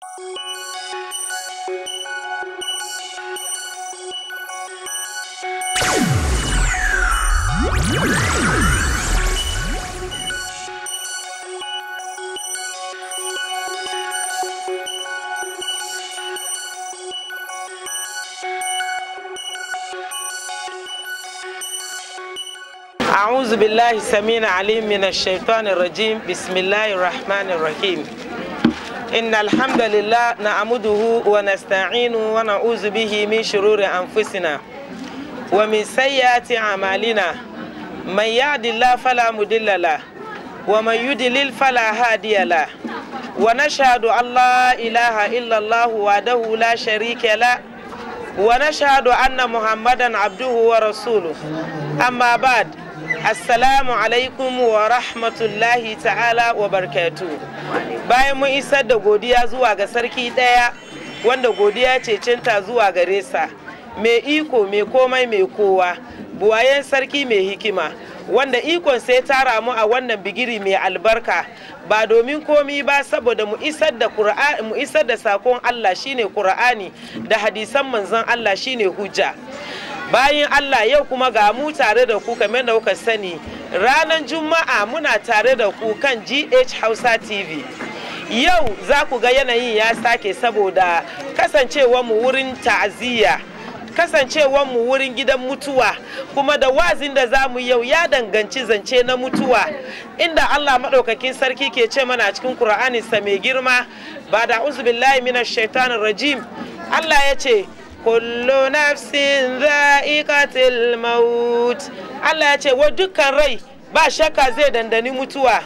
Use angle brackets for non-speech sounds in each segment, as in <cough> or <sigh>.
أعوذ بالله السميع العليم من الشيطان الرجيم بسم الله الرحمن الرحيم إن الحمد لله نعمده ونستعينه ونعوذ به من شرور أنفسنا ومن سيئات أعمالنا من يهد الله فلا مضل له ومن يضلل فلا هادي له ونشهد أن لا إله إلا الله وحده لا شريك له ونشهد أن محمدا عبده ورسوله أما بعد assalamu alaikum wa rahmatullahi ta'ala wa barkatu bayan mun isar da godiya zuwa ga sarki ɗaya wanda godiya ce cinta zuwa gare sa mai iko mai komai mai kowa buwayen sarki mai hikima wanda ikon sai tara mu a wannan bigiri mai albarka ba domin komi ba saboda mu isar da mu isar da sakon Allah shine Qur'ani da hadisan manzon Allah shine hujja bayan Allah yau kuma ga mu tare da ku kamar da kuka sani ranar juma'a muna tare da ku kan GH Hausa TV yau za ku ga yanayin ya sake saboda mu wurin ta'aziyya mu wurin gidan mutuwa kuma da wazin da za mu yau ya danganci zance na mutuwa inda Allah maɗaukakin sarki ke ce mana cikin Kur'aninsa mai girma ba da uzubillahi minash shaitanir rajim Allah ya ce kullu nafsin za'iqatil maut Allah ya ce wa dukkan rai ba shakka zai dandani mutuwa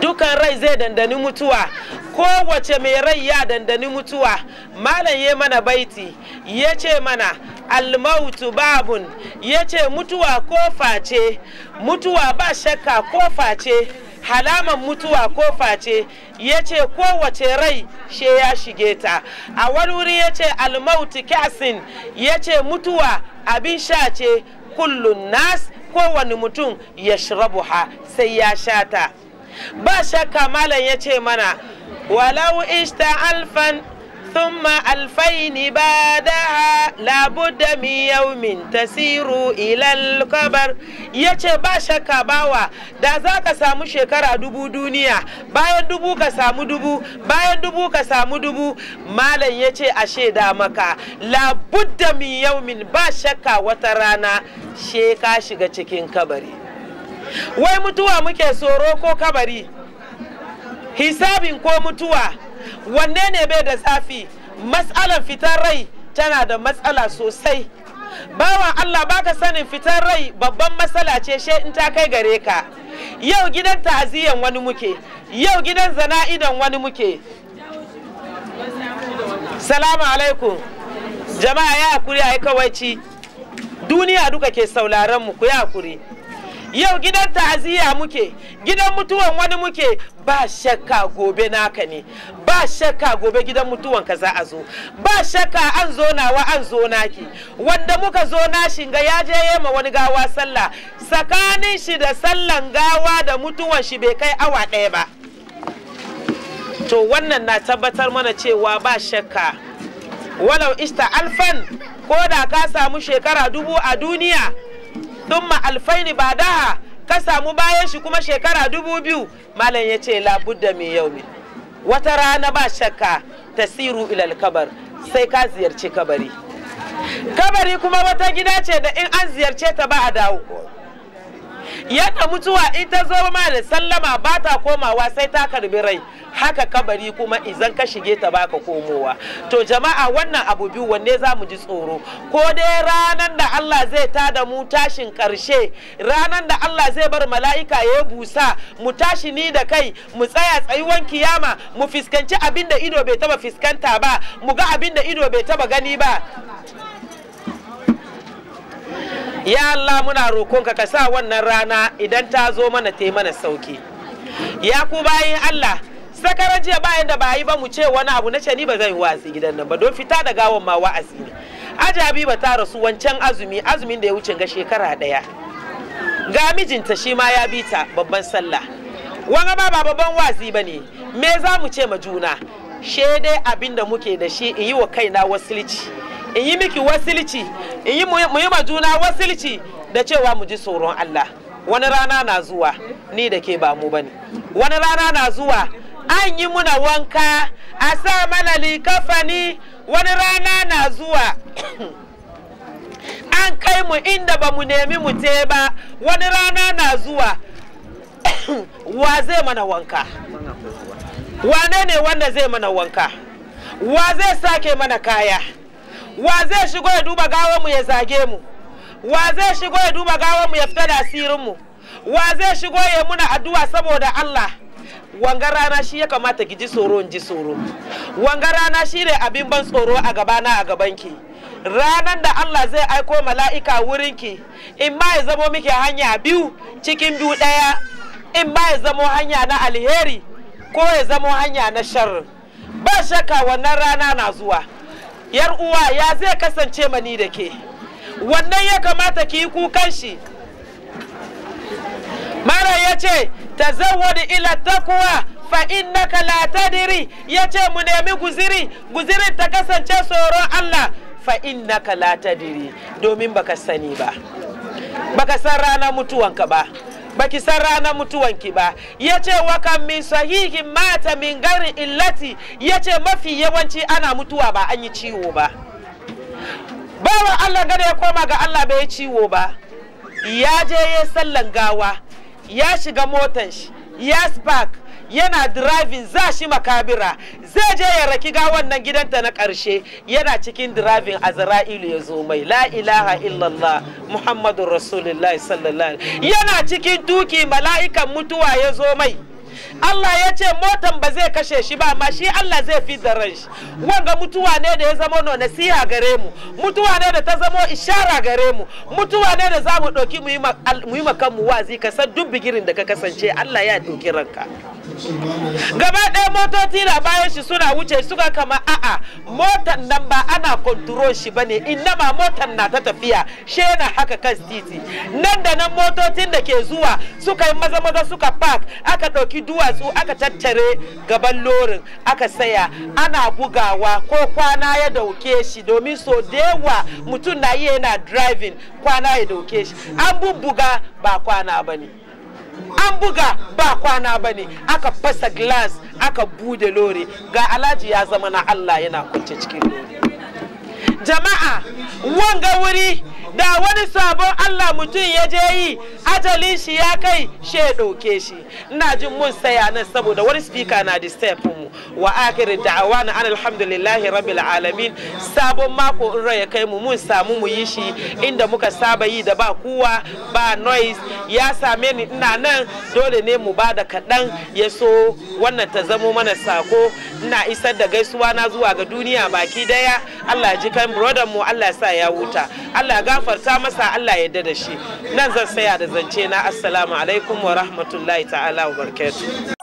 dukan rai zai dandani mutuwa kowace mai rai ya dandani mutuwa malam ya mana baiti ya ce mana almautu babun ya ce mutuwa ko face mutuwa ba shakka ko face. halaman mutuwa ko face ya ce kowace rai she ya shige ta a wani wuri ya ce almauti kyasin ya ce mutuwa abin sha ce kullun nas kowane mutum ya shirabuha sai ya sha ta ba shakka malam ya ce mana walau ishta alfan ثم ألفين بعدها لابد من يوم تسير إلى القبر yace ba shakka bawa da za ka samu shekara dubu duniya bayan dubu ka samu dubu bayan dubu ka samu dubu malam ya ce a shaida maka labudda min ba shakka wata rana sheka shiga cikin kabari wai mutuwa muke tsoro ko kabari hisabin ko mutuwa wanne ne bai da tsafi Matsalar fitar rai tana da matsala sosai bawa Allah baka sanin fitar rai babban matsala ce she in ta kai gare ka yau gidan ta'aziyan wani muke yau gidan zana'idan wani muke salamu alaikum jama'a ya hakuri a kawaici duniya duka ke sauraron mu ku ya hakuri yau gidan ta'aziyya muke gidan mutuwan wani muke ba shakka gobe naka ne ba shakka gobe gidan mutuwanka za a zo ba shakka an zo nawa an zo naki wanda muka zo na shinga ya je yema wani gawa sallah tsakanin shi da sallan gawa da mutuwan shi bai kai awa ɗaya ba to wannan na tabbatar mana cewa ba shakka walau ista alfan ko da ka samu shekara dubu a duniya dumma alfaini ba daha ka samu bayan shi kuma shekara dubu biyu malam ya ce labudda mai yau ne. wata rana ba shakka tasiru ilal kabar sai ka ziyarci kabari kabari kuma wata gida ce da in an ziyarce ta ba a dawo yadda mutuwa in ta zama da sallama ba ta komawa sai ta karbi rai haka kabari kuma izan ka shige ta baka komowa to jama'a wannan abu biyu wanne za mu ji tsoro ko dai ranan da Allah zai ta da mu tashin karshe ranan da Allah zai bar mala'ika ya busa mu tashi ni da kai mu tsaya tsayuwan kiyama mu fuskanci abinda ido bai taba fuskanta ba mu ga abinda ido bai taba gani ba ya Allah muna roƙonka ka sa wannan rana idan ta zo mana ta mana sauki ya ku bayin Allah sakarar jiya bayan da bayi ba mu ce wani abu na ni ba zan yi wazi gidan nan ba don fita da gawon ma wa'azi ne ajabi ba ta rasu wancan azumi azumin da ya wuce ga shekara ɗaya ga mijinta shi ma ya bi ta babban sallah Wani ba ba babban wazi ba ne me za mu ce ma juna she dai abin da muke da shi in yi wa kaina wasilci in yi miki wasilci in yi mu yi juna wasilci da cewa mu ji tsoron Allah wani rana na zuwa ni da ke ba mu bane wani rana na zuwa an yi muna wanka a sa mana likafani wani rana na zuwa <coughs> an kai mu inda ba mu nemi mu te ba wani rana na zuwa <coughs> wa zai mana wanka wane ne wanda zai mana wanka wa zai sake mana kaya wa zai shigo ya duba gawanmu ya zage mu wa zai shigo ya duba gawanmu ya fita da asirinmu wa zai shigo ya muna addu'a saboda Allah wanga rana shi ya kamata ki ji tsoro in ji tsoro wanga rana shi ne abin ban tsoro a gabana a gabanki ranan da Allah zai aiko mala'ika wurin ki in ba ya zamo miki hanya biyu cikin biyu ɗaya in ba ya zamo hanya na alheri ko ya zamo hanya na sharri ba shakka wannan rana na zuwa yar uwa ya zai kasance mani da ke wannan ya kamata ki yi kukan shi mara ya ce ta zawwada ila takuwa fa innaka la tadiri ya ce mu nemi guziri guzirin ta kasance tsoron Allah fa'in na la tadiri domin baka sani ba baka san ranar mutuwanka ba baki san ranar mutuwan ki ba ya ce waka min sahihi mata min gari illati ya ce mafi yawanci ana mutuwa ba an yi ciwo ba bawa Allah gada ya koma ga Allah bai yi ciwo ba ya je ya sallan gawa ya shiga motan shi ya spark yana driving za shi makabira zai je ya raki gawan nan gidanta na ƙarshe yana cikin driving azra'ilu ya zo mai la ilaha illallah muhammadun rasulullahi sallallahu yana cikin tuki mala'ikan mutuwa ya zo mai Allah ya ce motan ba zai kashe shi ba amma shi Allah zai fi da ran shi wanga mutuwa ne da ya zama no nasiha gare mu mutuwa ne da ta zama ishara gare mu mutuwa ne da za mu ɗauki mu yi makan mu wazi ka san duk bigirin da ka kasance Allah ya ɗauki ranka gaba ɗaya motoci na bayan shi suna wuce suka kama a'a motan nan ba ana kontrol shi ba ne innama motan na ta tafiya she na haka kan titi nan da nan motocin da ke zuwa suka yi maza maza suka park aka ɗauki duwa duwatsu aka tattare gaban lorin aka saya ana bugawa ko kwana ya dauke shi domin so da mutum na iya yana driving kwana ya dauke shi an bubbuga ba kwana ba ne an buga ba kwana ba ne aka fasa glass aka bude lori ga alhaji ya zama na allah yana kwance cikin lori jama'a wanga wuri da wani sabon Allah mutum ya je yi ajalin shi ya kai she ɗauke shi ina jin mun saya nan saboda wani speaker na disturb mu wa akhir na an alhamdulillahi rabbil alamin sabon mako in ya kai mu mun samu mu yi shi inda muka saba yi da ba kuwa ba noise ya same ni ina nan dole ne mu bada kaɗan ya so wannan ta zamo mana sako ina isar da gaisuwa na zuwa ga duniya baki daya Allah ji kan brother mu Allah sa ya wuta. Allah ga gafarta masa Allah ya da shi nan zan saya da zance na assalamu alaikum wa rahmatullahi ta'ala wa barkatu